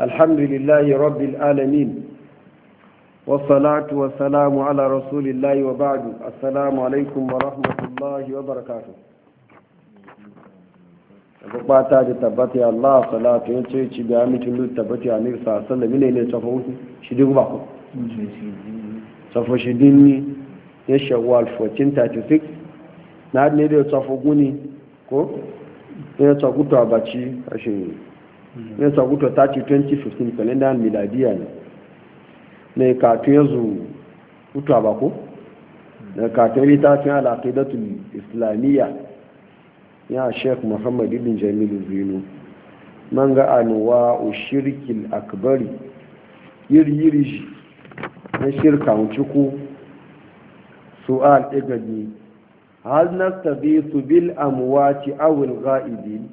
الحمد لله رب العالمين والصلاة والسلام على رسول الله وبعد السلام عليكم ورحمة الله وبركاته bukata da tabbata ya Allah salatu ya ce ci ga mitin lu tabbata ya nir sasan da mine ne tafa wuce shi duk ba ku tafa shi dinni ya shawwal 1436 na guni ko a a Mm. ne saguto ta ci 2015 kalendar miladiya ne ne katu yanzu hutu abako da mm. katun littafin al'aqidatul islamiyya ya sheikh muhammad ibn jamilu zinu man ga anuwa ushirkil akbari yiri shi na shirka ciku su'al igadi hal nastabisu bil amwati awil ghaibin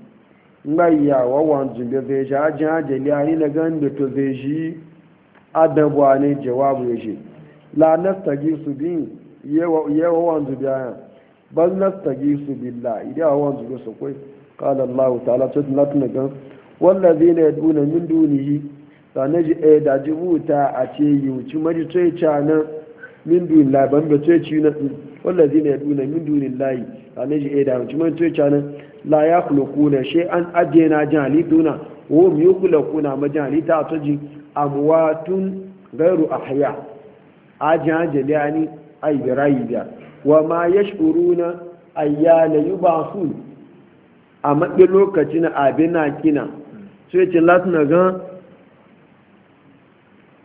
ngayya wawan zumbe zai ji ajin ajali ani na gan to zai ji adabuwa ne jawabu e, ya ce la nastagi su bin yawa wawan zumbe aya bal nastagi su billah idan wawan zumbe su kai qala allah ala to na tuna gan wallazina yaduna min dunihi sanaji eh da jibuta a ce yuci mari tsaye cana min e, na la ya na shi an ajiye na jihalituna wo mi yi na ma jihalita a tuji amwatun gairu a haya a jihajali a ni a yi rayu biya wa ma ya shuru na ayyana yi ba su a maɗi lokaci na abin na kina sai cin latin gan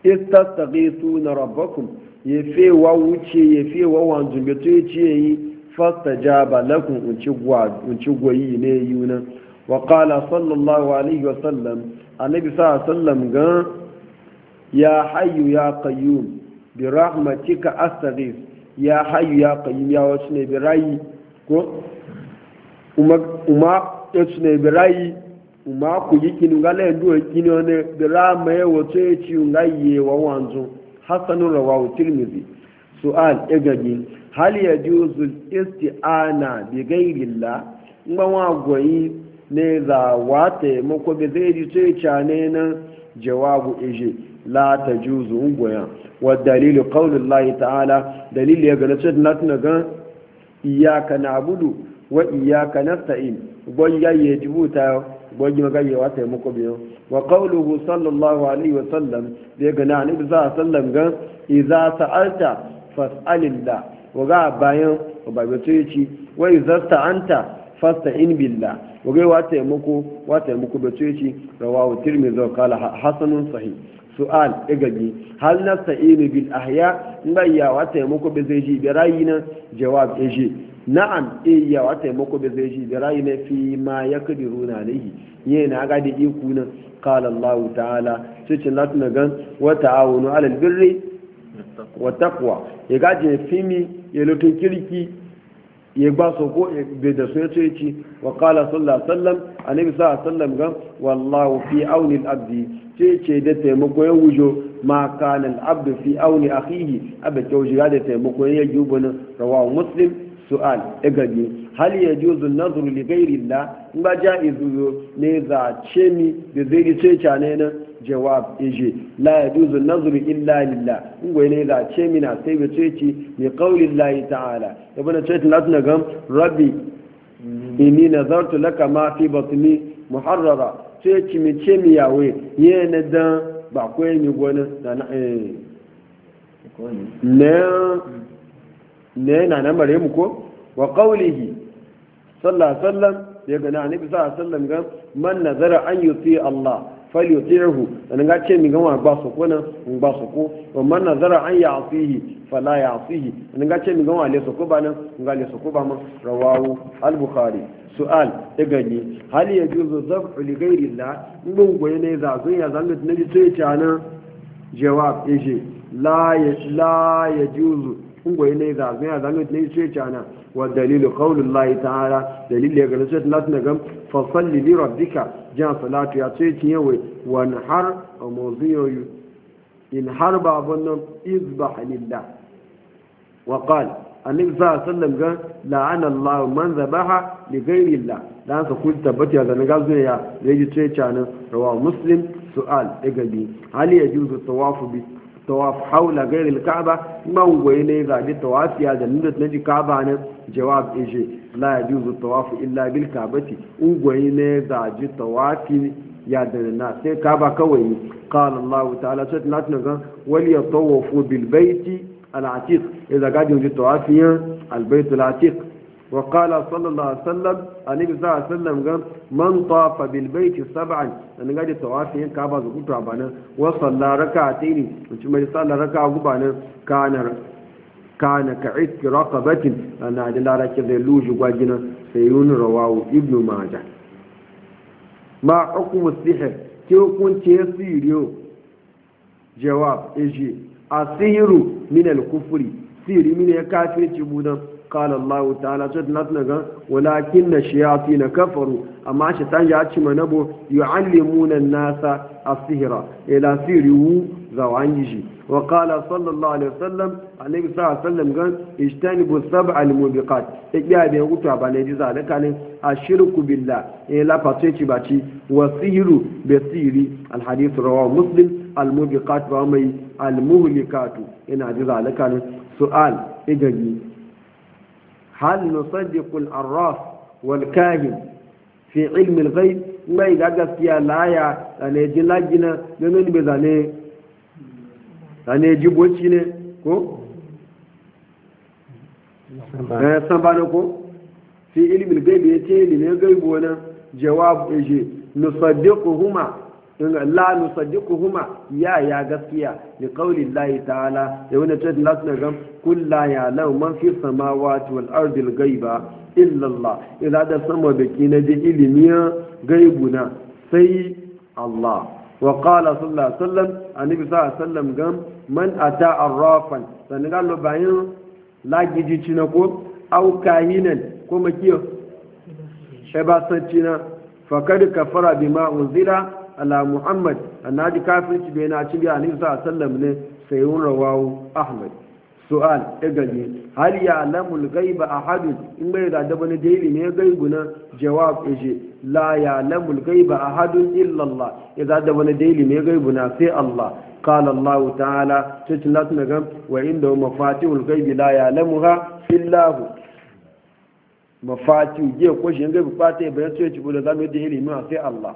istasta gaisu na rabakun ya fi wa wuce ya fi wa wanzu beto ya yi fastajaba lakum unci gwa unci goyi ne yuna wa qala sallallahu alaihi wa sallam annabi sa sallam gan. ya hayyu ya qayyum bi rahmatika astaghis ya hayyu ya qayyum ya wasu ne bi rayi ko uma uma yasu ne bi rayi uma ku yi kinu ga lai duwa e kinu ne bi rama ya e wato ya e ci nga yi wa wanzu hasanun rawahu tirmidhi su'al igagin hal ya juzu isti'ana bi gairillah in ba wa goyi ne za wa taimako bi zai ji sai cane na jawabu ije la ta juzu ungoya wa dalilu qaulullahi ta'ala dalil ya gana sai na tuna ga iyyaka na'budu wa iyyaka nasta'in goyya ya jibuta goyi magaye wa taimako biyo wa qauluhu sallallahu alaihi wa sallam da ya gana ni sallallahu alaihi wa sallam ga idza sa'alta fas'alillah waga bayan obabeto ya ci wai zasta anta fasta in billah waga wa taimako wa taimako beto ya ci rawahu tirmidhi qala hasanun sahih su'al igagi hal nasta'inu bil ahya bayya wa taimako be zai ji da rayi na jawab eje na'am iya wa taimako be zai ji da rayi na fi ma yakdiruna alayhi yana ga da iku nan qala Allah ta'ala cikin latin gan wa ta'awunu alal birri wa taqwa ya gaje fimi ya lutun kirki ya ba su ko bai da su ya ce ci wa kala sallallahu sallam a nabi sa sallam gan wallahu fi aunin abdi ce ce da taimako ya wujo ma kana abdu fi auni akhihi abu kyau shiga da taimako ya yi ubunin rawa muslim su'al ya gabi hal ya juzu nazuru li ghairi ba jaizu ne za ce mi da zai ce ca ne nan jawab ije la duzu nazru illa lillah gwai ne da ce mina sai bi ce ci bi qaulillahi ta'ala ce ta latna gam rabbi inni nazartu laka ma fi batni muharrara ce ci mi ce mi yawe ye ne dan ba ko yin gona na na eh ne na na mare mu ko wa qaulihi sallallahu alaihi wasallam ya ga na bi sallallahu alaihi wasallam gam man nazara an yuti Allah falyuti'hu dan ga ce mi gama ba su ko nan in ba su ko wa man nazara an ya'tihi fala ya'tihi dan ga ce mi gama le su ko ba nan in ga le su ko ba ma rawahu al-bukhari su'al ya gani hal yajuzu zabhu li ghairi Allah in gun goye ne za zun ya zanga ne ji sai ta nan jawab yaje la ya la yajuzu وين إذا هذا أنه تنين شيء جانا والدليل قول الله تعالى دليل يغلسات لا تنقم فصل لربك جاء صلاة يأتي تنيوي وانحر وموضيوي انحر بابنهم اذبح لله وقال النبي صلى الله عليه وسلم قال لعن الله من ذبح لغير الله لا أنت قلت تبتي هذا نقاز يا ريجي تريتشانا رواه مسلم سؤال إقبي هل يجوز الطواف بالتواف tawaf haula gairi alka'aba man goyi ne ga da tawafi ya jannin da naji ka'aba ne jawab ije la yajuzu tawaf illa bilka bati un goyi ne ga ji ya danna sai ka'aba kawai qala allah ta'ala sai na tuna ga wal yatawafu bil baiti al atiq idan ga ji tawafi al bait وقال صلى الله عليه وسلم النبي صلى سلم قال من طاف بالبيت سبعا أنا قاعد طواف هي كعبة زكوت ربنا وصلى ركعتين ثم صلى ركعة ربنا كان كان كعتق رقبة أنا عند الله ركض لوج وجنا سيون رواه ابن ماجه ما حكم السحر كيف كنت يسير جواب إجي السحر من الكفر سيري من الكافر تبونا قال الله تعالى سيدنا ولكن الشياطين كفروا أما شيطان يأتي من أبو يعلمون الناس السهرة إلى سيروا زوانجي وقال صلى الله عليه وسلم النبي صلى الله عليه وسلم قال اجتنبوا السبع الموبقات إجابة يقول أبا نجيز على كان الشرك بالله إلى فتيتي باتي والسهر بسيري الحديث رواه مسلم الموبقات ومي المهلكات إن عجيز على كان سؤال إجابي hal nusaddiqu al-arraf wal kahin fi ilmi al-ghaib mai ga gaskiya laya zane ji lagina ganin bai zane zane ji boci ne ko san ba ko fi ilmi al-ghaib yace ne gaibo nan jawab eje nusaddiquhuma la huma ya ya gaskiya li qawli llahi ta'ala ya wani tsaye lati na gam kullu ya law man fi samawati wal ardi al ghaiba illa allah ila da sama da kina da ilimiya gaibuna sai allah wa qala sallallahu alaihi wasallam annabi sallallahu alaihi wasallam gam man ata arrafan sanin ga bayan lagiji cina ko au kahinan ko makiyo shabasan cina fakad kafara bima unzila ala muhammad annaji kafirci bai na cibiya biya ni sa sallam ne sai yun rawawu ahmad su'al egaje hal ya lamul gaiba ahadun in bai da dabani da ilimin gaibu na jawab eje la ya lamul gaiba ahadun illa allah idza dabani da ilimin gaibu na sai allah قال الله تعالى تتلت ya وعنده مفاتيح الغيب لا يعلمها إلا هو مفاتيح جيه كوشين غيب فاتيح بيان سوية تقول ذا مدهي لما sai Allah.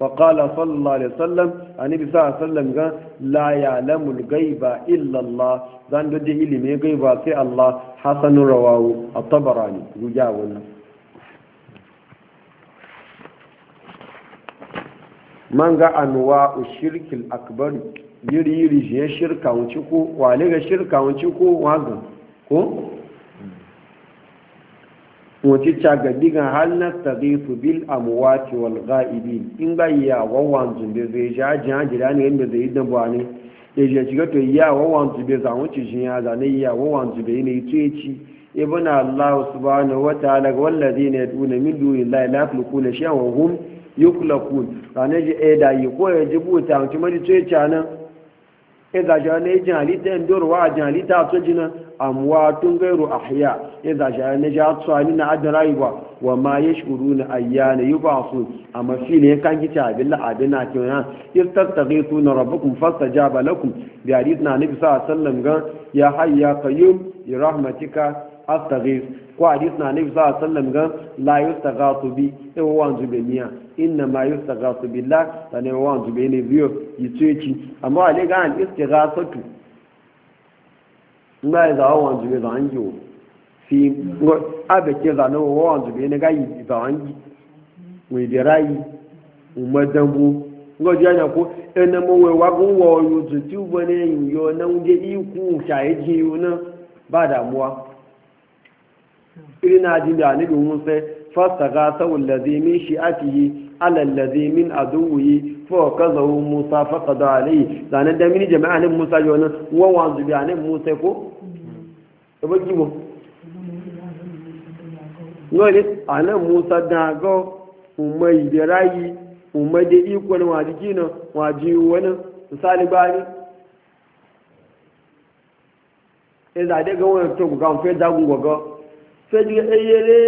فقال صلى الله عليه وسلم النبي صلى الله عليه وسلم قال لا يعلم الغيب إلا الله ذان دجي إلمي غيبا في الله حسن رواه الطبراني رجاونا من قال أنواع الشرك الأكبر يري يري شركة ونشكو وعليك شركة ونشكو وعظم كو wace cagadigan hal na tarifu bil amuwati wal ga'ibi in ga iya wawan zumbe zai ja jiya jira ne yadda zai yi dabuwa ne da je shiga to yi iya wawan bai za wuce shi ya zane iya wawan bai ne ya ce ci ibn allah subhanahu wa ta'ala ga wallazi ne yaduna min duni la yakhluqu la shay'an wa hum yukhlaqun rane je e eh, da yi ko ya jibuta mutum ne ce ci nan e eh, da jani jan halitta ndorwa jan halitta to jinan amwatun gairu ahya ya zashi ya naja tsani na adin rayuwa wa ma ya shuru na ayyana yi ba su a mafi ne kan kici abin la'abin na kyau ya yi tattare su na rabukun fasta ja balakun da hadis na nufi sa sallam gan ya hayya kayyum ya rahmatika astaghis ko hadis na nufi sa sallam gan la yustaghasu bi sai e wanzu be miya inna ma yustaghasu billah sanai wanzu bi ne biyo yi tsoci amma ale ga al istighasatu nígbà ìzàwọ̀ wọn jù ìzà ń jù fi abẹ̀kẹ́ ìzà náà wọ́n wọn jù bí ẹni ká ìzà wọn jì wọ́n ìdí ra yìí wọ́n mọ dánwó nígbà ìjọ yẹn kó ẹni mo wẹ̀ wá kó wọ ọyọ tó tí ó bọ́ ní ẹ̀yìn yọ náà ń dé ikú ṣàyẹ̀ jìn yìí náà bá dààmú wa. على الذي من عدوه فوقظه موسى فقد عليه موسى موسى كو a musa dago umai da rayi umai da ikon wajiki na waji wani misali bani ya e zade ga wani to ga fẹ́jú eyere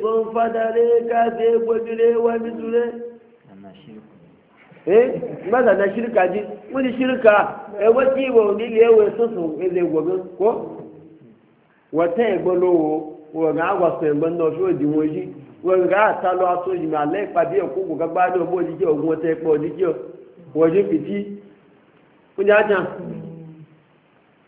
fún fádàrí káàkiri egbójúlé wábítúlé ee gbádà na ṣírìkà jí wọ́n ti ṣírìkà ẹwọ́ tí ìwọ̀ nílé ẹwọ́ sọ́sọ̀ ilé ìwọ̀gán kọ́ wọ́tẹ́ ẹ̀gbọ́n lówó wọ̀gán àwàsàn ẹ̀gbọ́n náà fí òdì wọn yí wọ̀gán àtàlọ́ aṣọ́yìn alẹ́ ìpàdé ẹ̀kọ́ kò gbá ní ọmọ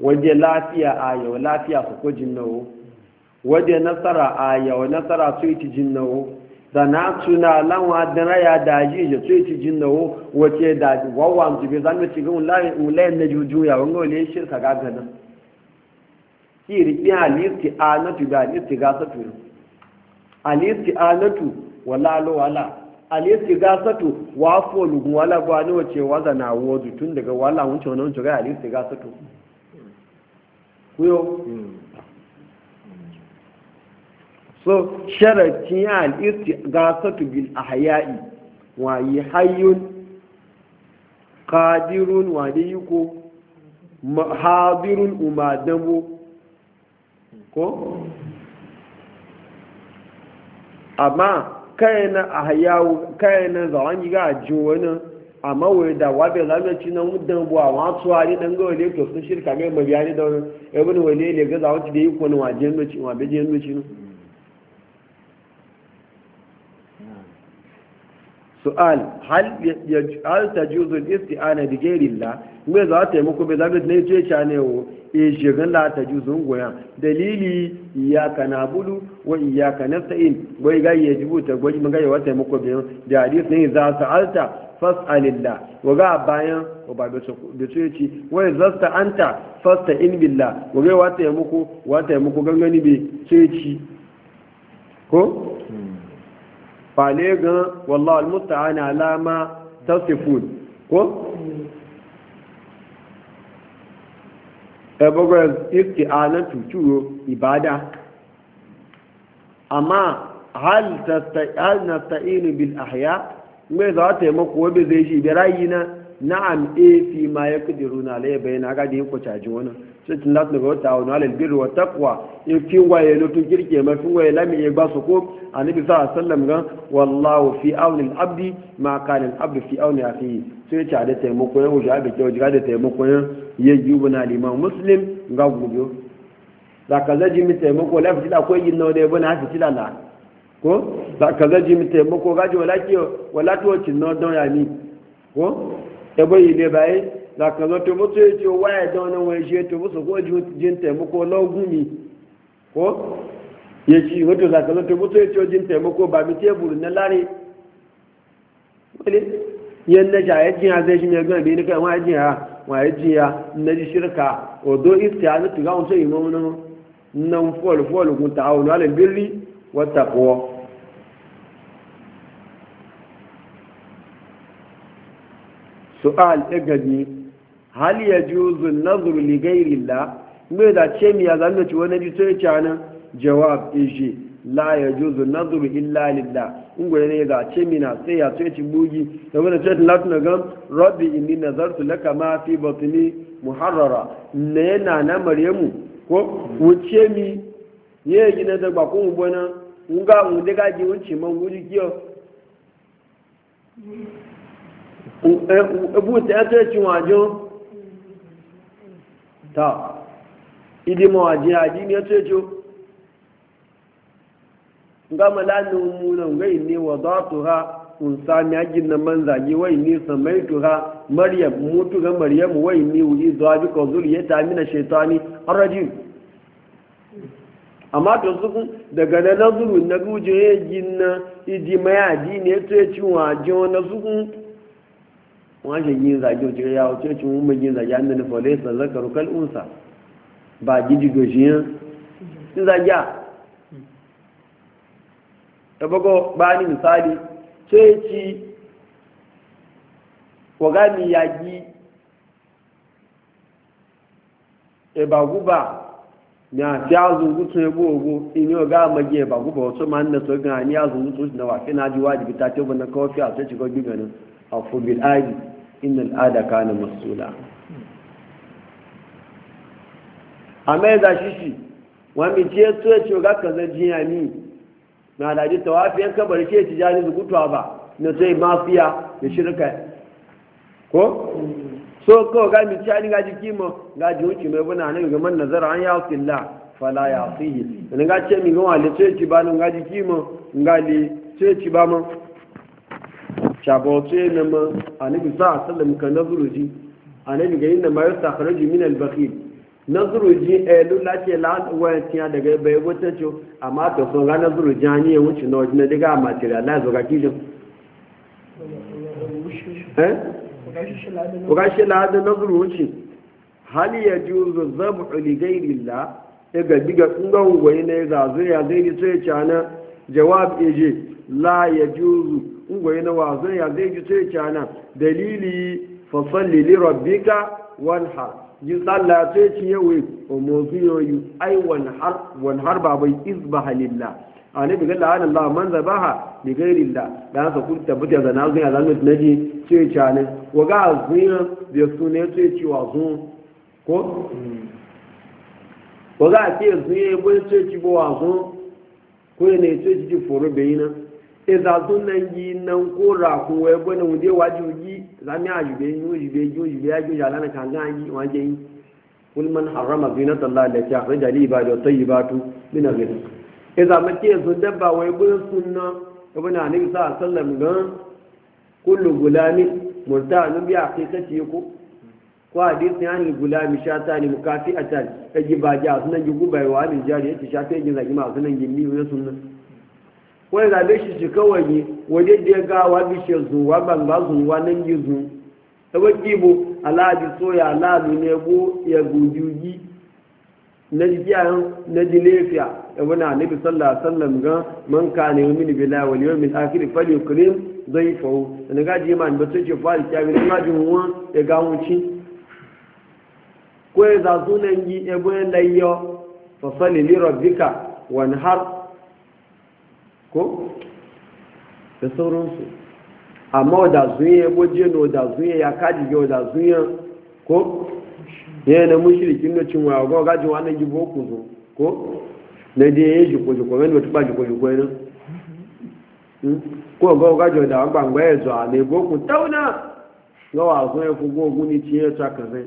waje lafiya a yau lafiya su ko jinnawo waje nasara a yau nasara su iti jinnawo da na tuna lanwa dana ya daji je su iti jinnawo wace da su bi zan mu cikin ulayen na jujuya wani shi shirka gagana ki riƙi halitti a natu da halitti gasa turu halitti a natu wala wala halitti gasa tu wa lugun wala gwani wace wazana na tun daga wala wuce wani wuce ga halitti gasa turu kuyo hmm. so sharatin ya al'irti gasatu bil ahya'i wa yi hayyun kadirun wa da ko hadirun umadamu ko amma kayan ahyawu kayana zawon yi ga ajiyo wani amma wai da wabe zamanci na mudan buwa wa tsuwa ne dan ga wale to sun shirka mai mabiya ne da ibn wale ne ga zawanci da yi ko ne waje ne ci wa beje ne ci ne su'al hal yaj'al tajuzu al-isti'ana bi ghayri Allah mai za ta muku be zabe ne ce cha ne wo e shigan la juzun goya dalili na bulu? wa iyyaka nasta'in wai ga yajibu ta gwaji mun ga ya wata muku be da hadis ne za alta fas'alillah waga bayan ba da su yace wai zasta anta fasta in billah waga wata ya muku wata ya muku gangani be ceci ko fale ga wallahu almusta'an alama ma tasifun ko ebogo isti'anatu tuwo ibada amma hal tasta'inu bil ahya' mai za ta taimako wabe zai shi da rayi na na'am a fi ma ya kudi runa laye bayan ga da yin kwacaji wani sai tun lati daga wata wani alal wa takwa in fi waye lutun kirke ma fi waye lami ya ba su ko annabi sa sallam gan wallahu fi auni abdi ma kana abdi fi auni akhi sai ta da taimako ya wuce abi kyau jira da taimako ya yi na liman muslim ga gubiyo zaka zaji mi taimako lafi da akwai yin nawa da yabo na tilala ko za ka zaji mu taimako gaji wala kiyo wala to cin no don ya ko e boyi le bai za ka zo to mutu yace waya don nan wai je to musu ko jin taimako logumi ko yace wato za ka zo to mutu yace jin taimako ba mi teburu na lare wale yan na ja yaji ya zai shi me ga bi ni kai wa yaji ya wa yaji na ji shirka odo istiaza tuga on so imo nan nan fol fol kun ta'awunu ala birri wa taqwa su'al igani hal ya juzu nazar li gairilla mai da ce mi ya zanga ci wani jito ya cana jawab ishe la ya juzu nazar illa lillah in gwai ne da ce mi na sai ya ce ci bugi da wani ce ta latin gam rabbi inni nazartu ma fi batni muharrara ne yana na maryamu ko wuce mi ye gina da ba kun bona nga mu daga ji wuce man guji kiyo ebuta ya tare cin wajo ta idima waje haji ne ya tare cin gama lanin munan gai ne za su ha un sami hajjin na manzage wai ne samaitu ha mutu ga wai ne wuyi zuwa bi ka ta mina amma to daga na nazuru na gujin ya ne wọ́n ṣe yin zage ojú ya ojú ojú wọn mọ yin zage andan fọlẹ́ sọ̀rọ̀ kàrùkàl ọ̀nsà bá jíjí gòṣì yẹn ń zage ẹ̀bọ́gọ́ bá ní misali tó yẹ kí wọ́gá mi yá jí ẹ̀bàgúbà ní àti azùnkú tún ẹgbó owó inú ọgá àmọ́jẹ ẹ̀bàgúbà ọ̀tún máa ń nẹ̀tọ́ gan-an ní azùnkú tún ṣì náà wà náà di wájú bí ta tí ó bọ̀ náà kọ́ fí afu bil adi innal ada kana masula amma da shishi wani ce ya ce ga kaza jiya ni na da ji tawafiyan kabar ce ci jani zugutuwa ba na sai mafiya da shirka ko so ko ga mi ci ga jiki mo ga ji wuce mai buna nan ga man nazara an ya fillah fala ya fihi ne ga ce mi ga wale ce ci ba nan ga jiki mo ga li ce ci ba mo shabawato ya nama a nabi sa a sallam ka nazuruji a nabi ga yin da mayar sakararji min albakhil nazuruji a yalu lafiya la'awar tiya daga bai wata ce amma ta sun ga nazuruji an yi wuce na wajen daga a materialize ga kijin ƙashe la'adar nazuru wuce hali ya ji uzu zabu uligairillah ya gwani na ya zai sai jawab eje la ya juzu ungwaye na wazon ya zai ji sai cana dalili fasalli li rabbika wanhar ji sallah sai ci yawe o mozu yoyu ai wanhar wanhar babai izbaha a ani bi galla an Allah ba ha bi ghairi lilla dan sa ku tabbata da na zuya zanu naji sai cana waga zuya da sunne sai ci ko zuya bai ci ko ne to ji foro be yina e za zo nan yi nan ko ra ko we bo ne wuje wa ju ji za mi aju be yi uji be ju be aju ya lana kan gan yi wa je yi kul man harrama zinata allah allati akhraja li ibadi ba tu, min al-ghayb e za mace zo dabba we bo sunna ibn ali sallallahu alaihi wasallam gan kullu gulami murta'an bi aqiqati ko ko hadisin an gulami shatani mukafi'atan kaji baji a sunan gi gubai wa min jari yace shatai yi zagi ma sunan gi ni ne sunan. ko da be shi shi kawai waje da ga wa bi shi zu wa ban ba zu wa nan gi zu ki bu ya soya aladi ne bu ya gujuji na jiyan na ya ibn na sallallahu alaihi wasallam ga man kana yu'minu billahi wal yawmil da falyukrim dhayfahu daga ji man bace ce fa ya ga jin wa ya ga cin ko ya zazu yi ebe layyo fasali li rabbika wani har ko da sauransu amma da zuye waje no da ya kaji ga da zuye ko yana na mushrikin da ya wago gaji gibo ku ko na dai ya ji ko ko ne ji hmm? ko ko ne ko da ban gwaye zo a ne tauna ga wa ya ku go guni ciye ta kazai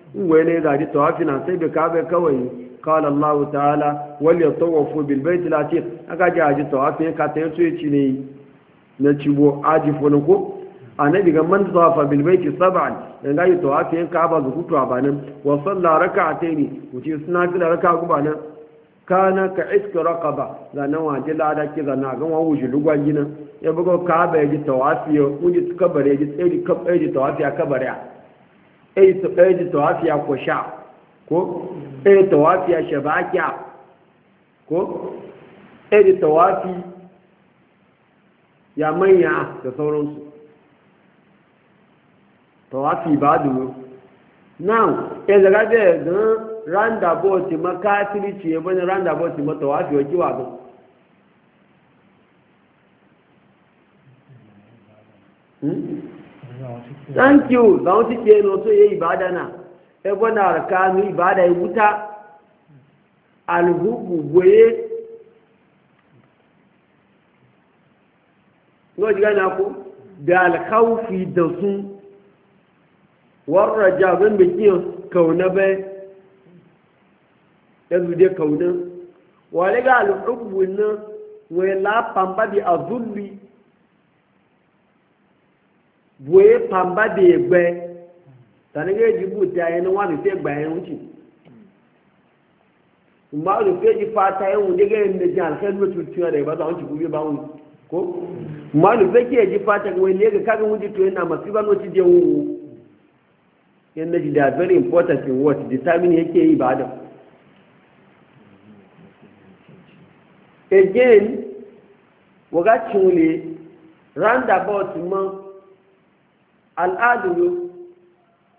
ngwe ne zaji ji tawafi na sai bi kabe kawai qala allah ta'ala wal yatawafu bil bait al atiq aka ji aji tawafi ka ya su ci ne na cibo aji fonu ko annabi ga man tawafa bil bait sab'an dan ga yi tawafi ka ba zu kutu abanin wa salla rak'ataini wuce suna kila raka gubanin kana ka iska raqaba da nan waje lada ki zana ga wawu ji lugwa gina ya bugo ka ba ji tawafi wuce kabare ji tsari kabare eh, ji tawafi a kabare ɗaya tawafiya ko sha ko ɗaya tawafiya shabakiya ko ɗaya tawafi ya manya da sauransu tawafi ba duro now e zaga ɗaya gan roundabout ma katiri ce wani roundabout ma tawafi wa kiwa Hmm? thank you ba wani cike no so yayi ibada na e na bona arkanu ibada yi e wuta alhubu goye no diga na ko da alkhawfi da su warraja ban bi kiyo kauna bai yanzu e dai kauna wale ga alhubu nan wai la pamba bi azulli bue pamba de egbe tani ke jibu ti aye ni wa ni te gba ehun ti mba o ke ji e fa ta ehun de ke ne jan ke lu tu ti ore ba ta on ti bi ba un ko mba o ke ji ji fa ta ko le ke ka ga wuji to ina ma ti ba no ti de wu yan ji da very important in what determine yake e yi ba da again waga chule roundabout mo al'adu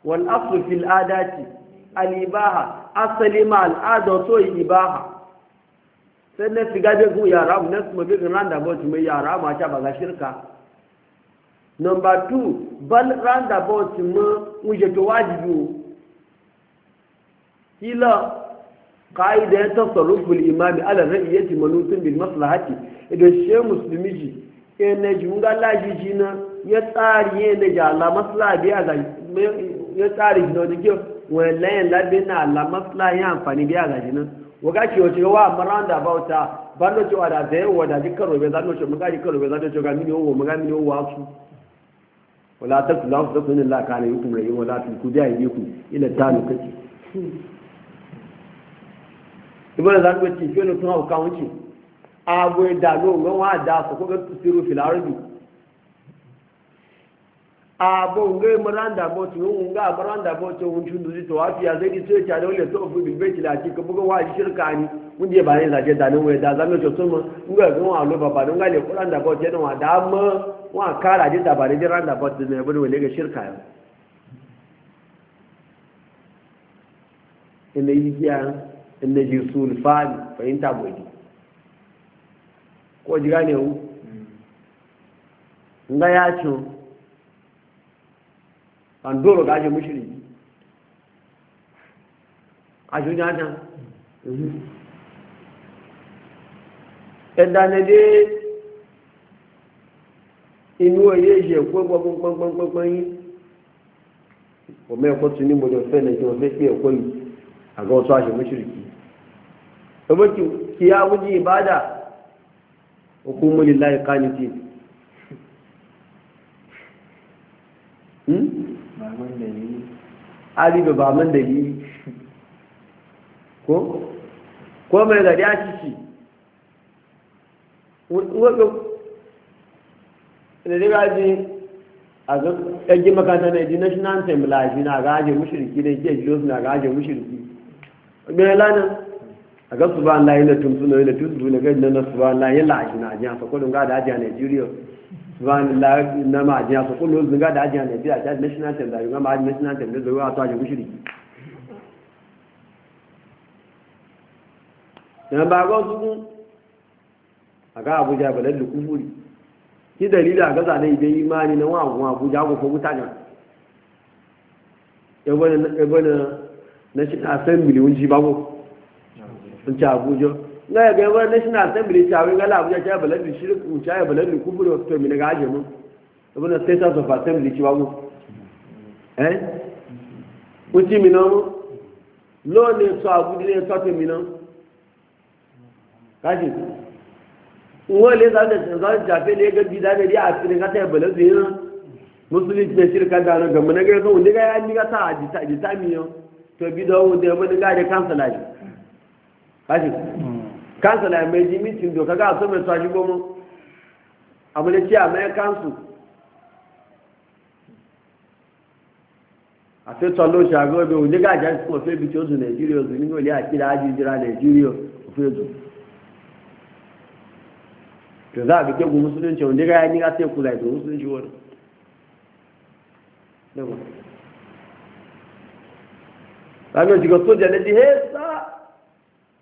wal aslu fil adati al ibaha asali ma al'ada so ibaha sai na figa da ku yara mu nasu mabi randa bot mai yara ma ta baga shirka number 2 bal randa bot mu wuje to wajibi kila قاعدة يتصرف الإمام على الرئية منوط بالمصلحة إذا الشيء مسلمي إن جمع الله جينا ya tsari ya na ga ala masla biya ga ya tsari da wani kyau wani layin labi na ala masla ya amfani biya ga jinin waga ke wace wa maran da bauta ban da cewa da zai wa da dukkan robe zan wace muga dukkan robe zan wace ga mini owo muga mini owo su wala ta kula su sun la kana kuma yi wala tun ku biya yi ku ila ta lokaci za su ce fiye da suna hukawunci wuce agwe da lo wa da su ko ga filarobi Abo ń gé mọ́ráńdà bó ti ń gá mọ́ráńdà bó ti ń tún dùdú tó wá fi àzẹ́kì tó ìtì àdéhùn lè tó òfin bíi bẹ́ẹ̀ tìlẹ̀ àti kọ́kọ́ wá ìṣiṣẹ́ ká ní ń di ìbàdàn ìlàjẹ́ dàní wọn ẹ̀dá sámi ọ̀tọ̀ tó mọ ń gbà fún wọn àlọ́ bàbá ní wọn lè kó ráńdà bó ti ẹni wọn àdá mọ́ wọn àkàrà ni wọn lè gẹ̀ ṣiṣẹ́ ká yọ. ẹnlẹ́ yìí bí yan ẹnlẹ́ yìí sùn fáàlì fẹ̀yìn tàbọ̀ yìí kó jìgá ni ẹ̀wù ń gá an dole ga aje mushriki a juna nan ẹ̀dá nẹ́dẹ́ inú ẹ̀yẹ́ ìṣẹ̀ pẹ́pẹ́pẹ́pẹ́pẹ́ yín ọmọ ẹ̀kọ́ tún ní mọ̀jọ fẹ́ lẹ́jọ́ fẹ́ sí ẹ̀kọ́ yìí àgọ́ ọ̀tọ́ àṣẹ mọ́ṣíríkì ọmọ kí á wújì ìbádà òkú mọ́lẹ̀ láì ká ní ti man dalili ali da ba man dalili ko ko mai gari a ciki wato da dai gaji a ga ɗage makanta na idi national anthem lafi na gaje mushriki da ke jiyo na gaje mushriki ɗaya lana a gasu ba Allah yi na tumsu na yi na tumsu na gajin na su ba Allah yi lafi na ajiyar sakwai don gada ajiya Nigeria subhanallah na ma'ajiya su kullu zunga da ajiya ne biya ta national team da yunga ma'ajiya national team da zuwa dan ba su aga abuja ki dalila ga zane imani na wa gun abuja ko e e san sun ci abuja na ga yawan national assembly ta wani gala abuja ta balabin shirku ta yi balabin kuburu to mi daga ajiye mun abin da state of assembly ci wago eh kuti mi nan lo ne so abuja ne so to mi nan kaji wọ́n lè sáré sáré jàpé lè gẹ́gẹ́ bí dáadé bí àfihàn kátà ìbẹ̀lẹ̀ sí yẹn musulunci ne shirka da nan gama na gaisa wanda ga ya ni ga ta a jita miyan to bi da wanda ya bani ga da kansa lafi kashi kansala ya mai ji mitin doka ga so mai tsaji gomo a da a mai kansu a fẹ́ a lóṣù àgọ́bẹ̀ òní gàjà sí wọn fẹ́ nigeria tí ó sùn nàìjíríà òsùn nínú ilé àkílà àjíjíra nàìjíríà òfin ètò kò sáà bí kéwòn mùsùlùmí òní gàjà ní láti ẹkùn láì tó mùsùlùmí wọn. lábẹ́ òsìkò sójà lẹ́dí he sa.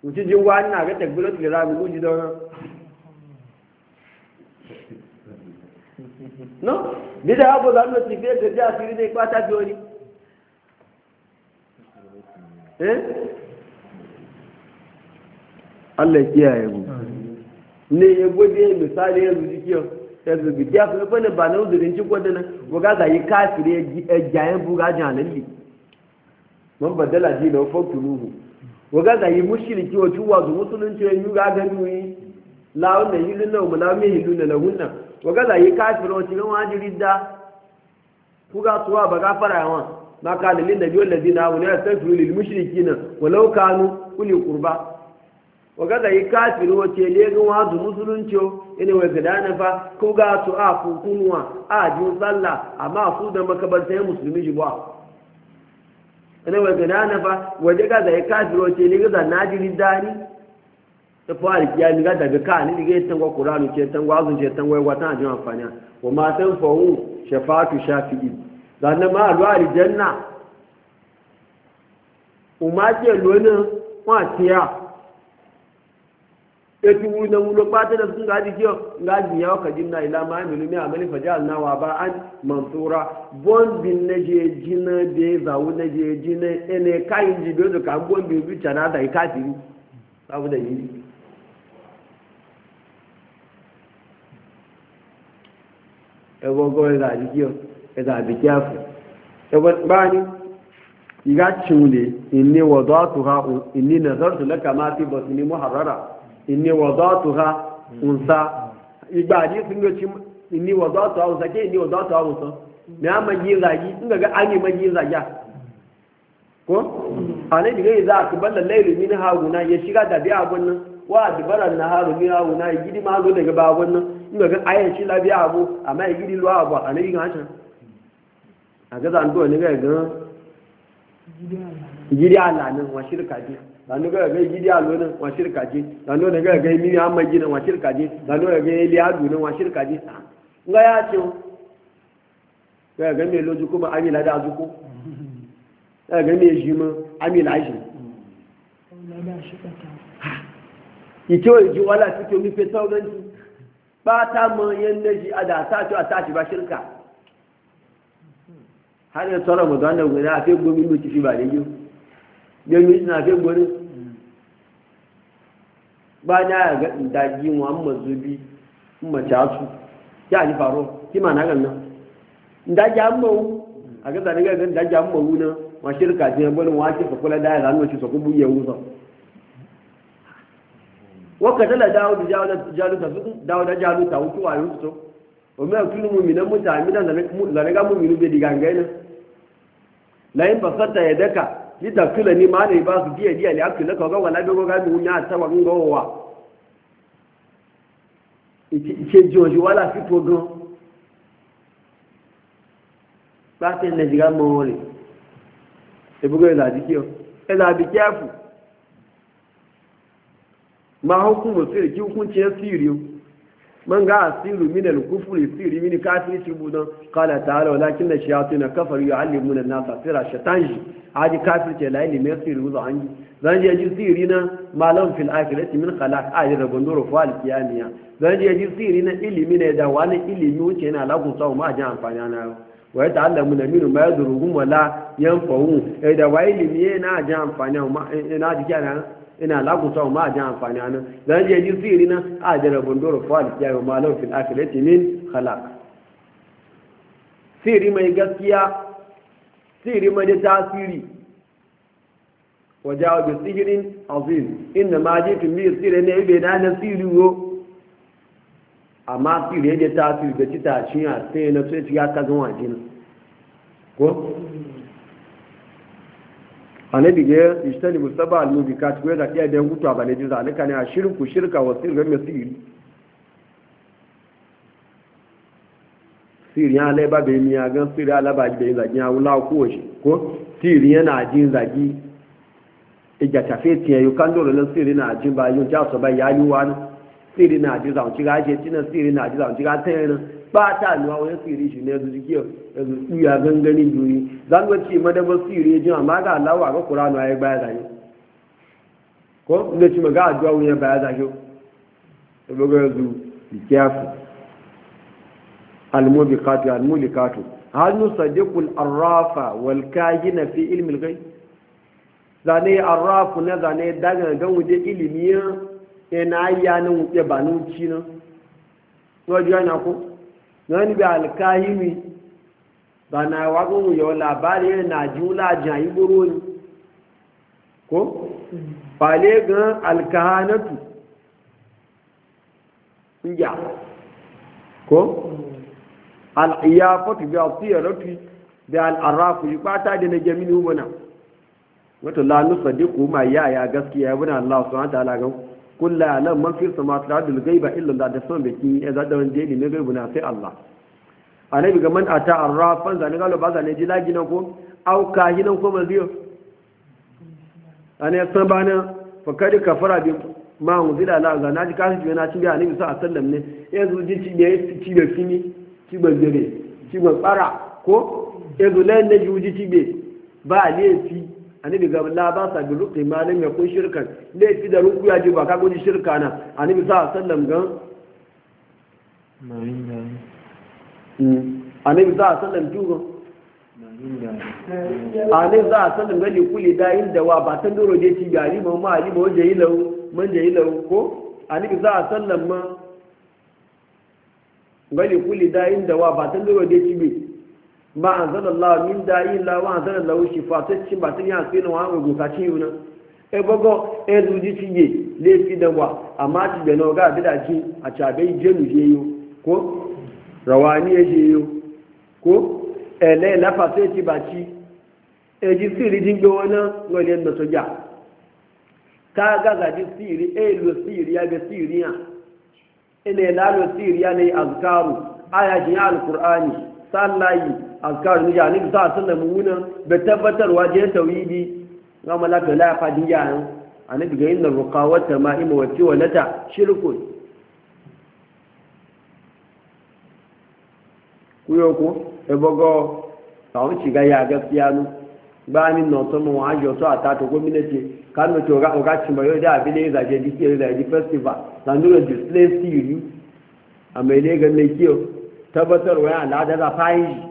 mutum ji wani na ga takbirat da rami guji da wani no bi da abu da nuna tafiye da ji asiri zai kwata fi wani eh Allah kiyaye mu ne ya gode misali yanzu jikiyo yanzu bi ya kuma fane ba na uzurin ci gwada nan waga ga yi kafire ya jayen buga jan halalli man badala ji na fakturuhu waga da yi mushiriki wa tuwa zu musulunci ya yuga ga nuyi lawun da yi lunan mu na mihi lunan na hunna waga da yi kafiro wa cikin wajiri da ga tuwa ba gafara yawa ma ka da linda biyu lazi na wani ya lil mushiriki na walau kanu kuli kurba waga da yi kafiro wacce ce le ga wazu musulunci ina wai gada na fa ga tuwa kukunwa a jin sallah amma su da makabarta ya musulmi jibuwa ina wai ga nana fa waje ga zai kafiro ce ni ga na jiri dani ta e fara kiya ni ga daga ka ni ga e tan gwa qur'anu ce tan gwa azun ce tan e wai wata ajin amfani wa ma tan fa'u shafatu shafi'i dan ma alu aljanna umma ce lona wa tiya etu wuna wulo kwata da sun gaji kiyo gaji yawa ka jinna ila ma amilu mi amali fajal na wa ba an mansura bon bin na je jina de za na je jina ene kayin ji bezo ka bon bi bi tana da ikafiri sabu da yi ebo go ila ji kiyo ila bi kiafu ebo bani iga chunde inni wadatuha inni nazartu laka ma fi batni muharrara inni wadatuha unsa igba sun ngo ci inni wadatuha unsa ke inni wadatuha unsa me amma yi zagi in ga an yi mai yi zagi ko alai diga za ka balla lailu min hauna ya shiga da biya gunnan wa a naharu min hauna ya gidi ma zo daga ba gunnan in ga ayan shi labiya abu amma ya gidi luwa abu annabi ga hancin a ga zan ne ga ga gidi nan wa shirka biya zanu ga ga gidi allo nan wa shirka je zanu ga ga amma wa shirka je ga ah, ga wa shirka je nga ya ce ga ga me kuma amila da ga ga me shi amila ito ah, wala mi ba ta gbomi ló ti fi bàlẹ́ yó gbẹmí a àfẹ́ gbomi ba na ga dagi muhammad zubi mace su ya ni faru ki ma na ganna dagi amma wu a ga zane ga dagi amma wu na wa shirka ce bani wa ce kula da ya zanu ci so ku buye wusa wa katala dawud jaluta su dawud jaluta wutu wa yusu o me kulu mu'minan mutaminan zane ga mu'minu be diga ngaina layin in ya daka. litaktula ni ma ne ba su biya diya li aktula ka ga wala be go ga mu nya ta wa ngo wa ìṣe ju ọjọ́ wà lásìkò gan láti nàìjíríà mọ wọn rè ìbúgbọ́ ẹ̀là àdíkẹ́ ọ ẹ̀là àdíkẹ́ àfù máa hókùn mọ̀ sí rè kí hókùn tiẹ̀ sí ìrì o. man ga asiru min al-kufri siri min kafirci budan qala ta'ala walakin na shayatin kafaru yu'allimuna an-nasa sirra shatanji haji kafirce la ilmi yasiru za anji zan je ji siri na malam fil akhirati min khalaq ayi da gondoro fa zan je ji siri na ilimi ne da wani ilimin wuce yana lagun sawu ma jan amfani na wa ta'allamuna min ma yaduruhum wala yanfa'u eh, da wa ilimi yana jan amfani ma ina eh, eh, jikana ina lagusa ma ajin amfani a nan zan je ji siri na a ajin rabin doro fawal ya yi malar fil akilati min halak siri mai gaskiya siri mai da tasiri wajawa bi sihirin azim inna ma ji tun biyu siri ne ibe na na siri yo amma siri ya je tasiri da cita shi a sai na sai ya kazan wajen ko annabi ga ishtani musaba al-mubika ko da kiyaye da gutu a bane jiza alaka ne a shirku shirka wa sirrin masiri sirri ya lai ba bai mi ya gan sirri ala ba bai zagi ya wula ko shi ko sirri yana jin zagi ija e tafe tiye yu kan dole na sirri na jin ba yun ta so ba ya yi wani sirri na ji zan ci ga je tinan sirri na ji zan ci ga tayin bata nuwa wani tsiri shi ne zuki yanzu tsiya ganganin duni zan ga ce madabar tsiri jin amma ga alawa ga kuranu ya baya zane ko inda ci maga addu'a wani baya zane ta buga yanzu bikiyafu almubikatu almulikatu hal nusaddiqu al-arrafa wal kahina fi ilmi al-ghaib zane arrafu na zane daga ga wuje ilimi yana ayyanin wuce ba nuci na wajen yana ko wani bi alkahimi ba na yọ yau ẹ̀ nà na jula jayi buru ne ko gan alkahanatu ya ko al'iyafatu bi asiyaratu bi al'arafu yi kwata da na jamini hubana wata lanu sadiku ma ya ya gaskiya ya Kulla alam man fi samawati da ardi ba illa Allah da son beki ya zada wanda ne gaibu na sai Allah annabi ga man ata arrafan zani galo ba zani ji lagi nan ko au kahinan ko maziyo ana san bana fa ka kafara bi ma unzila la ga ji kasu ji na cin ga annabi sallallahu alaihi wasallam ne yanzu ji ci ne ci da fini ci ba gare ci ba fara ko yanzu lan ne ji ci be ba fi annabi ga Allah ba sa bi ruqi malam ya kun shirkan da laifi da ruku ya ji ba ka guji shirka na annabi sa sallam gan hmm. annabi sa sallam juga annabi sa sallam ga li kulli da inda wa ba tan doro je ci gari ma ma ali ba waje yilau man je yilau ko annabi sa sallam ma ga kuli da inda wa ba tan doro je ci bi ma an zana Allah min da'i la wa an zana lawo shi fa ta cin ba ta yi hankali wa an rubuta cin yi nan e bago e zuji ci ye le fi da wa amma ci da nawa ga bida ji a cabe je mu je yo ko rawani je yo ko e la fa ci ba ci e ji siri jin go wana ngole ndo to ja ka ga ga ji siri e lo siri ya ga siri ya ene la lo siri ya ne azkaru aya ji alqur'ani sallayi azkar ni jani bisa sallan mumuna da tabbatarwa je tauhidi ga malaka la fadiya an Ani annabi inna ruqawata ma ima wa walata shirku kuyo ko e bogo ci shiga ya gaskiya piano ba ni no to mu ajo to ata to gwamnati no to ga ga ci mayo da abile za je dike da di festival dan dole display see you amele ga ne kiyo tabbatarwa ya al'ada za fa yi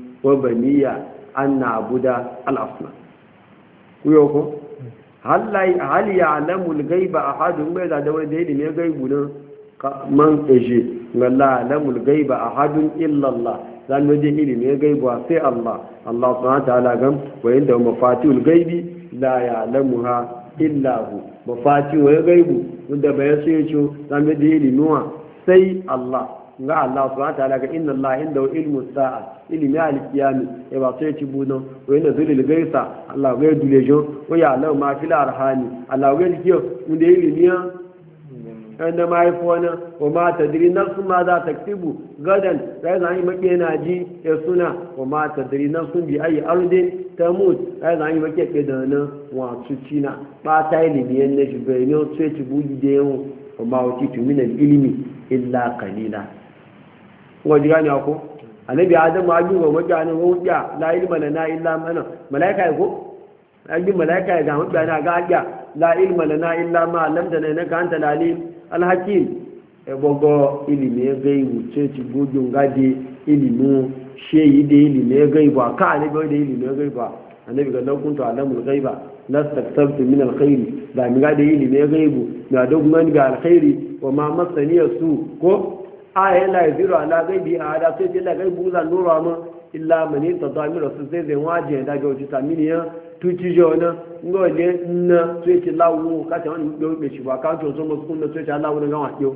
wa baniya an na abuda Ku yau ko hal ya alamul gaiba a hadin bai da da wani ilimin gaibu nan man tsaje wala alamul gaiba a hadin illallah Za mu zan waje ilimin gaibu sai Allah Allah subhanahu wa ta'ala gam wa inda mafatihul gaibi la ya'lamuha illa hu mafatihul gaibu wanda bayan sai ya ce zan waje ilimin sai Allah ga Allah subhanahu ta'ala ga inna Allah inda ilmu sa'a ilmi al-qiyami e ba sai ci buno wa inna zulil gaisa Allah ga dule jo wa ya Allah ma fil arhani Allah ga dikiyo unde ilmiya da mahaifona wa ma ta diri nafsun ma za ta kibu gadan sai za yi maƙe na ji ya suna wa ma ta diri nafsun bi ayi arde ta mut rai za yi maƙe ke da nan wa na ba ta yi limiyan na shi bai ne sai ci bugi da yawon wa ma wuce tu na ilimi illa kalila wani gani ko annabi adam ma ajin wa mutanen hujja la ilma lana illa mana malaika ko ajin malaika ga hujja na ga hujja la ilma lana illa ma lamta ne na kanta lalim alhakim e eh, bogo ilimi gaibu ce ci gujun gade ilimi yi da ilimi gaibu ka annabi da ilimi gaibu annabi ga lokunta alamul gaiba lastaktabtu min alkhairi da mi ga da ilimi gaibu na dogman ga alkhairi wa ma masaniya su ko a yi la zero ala zai bi a da sai jela gai buza nura ma illa mani ta ta mi rasu sai zai waje da ga ta mini ya tuci jona ngo je na sai ci lawo ka ta wani do be shi ba ka to so mu kunna sai ta lawo ga wakiyo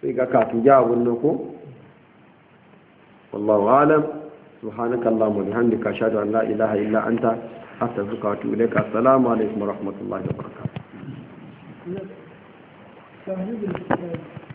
sai ga ka tu ja wannan ko wallahu alam subhanaka allahumma bihamdika ashhadu an la ilaha illa anta astaghfiruka wa atubu ilayka assalamu alaikum wa rahmatullahi wa barakatuh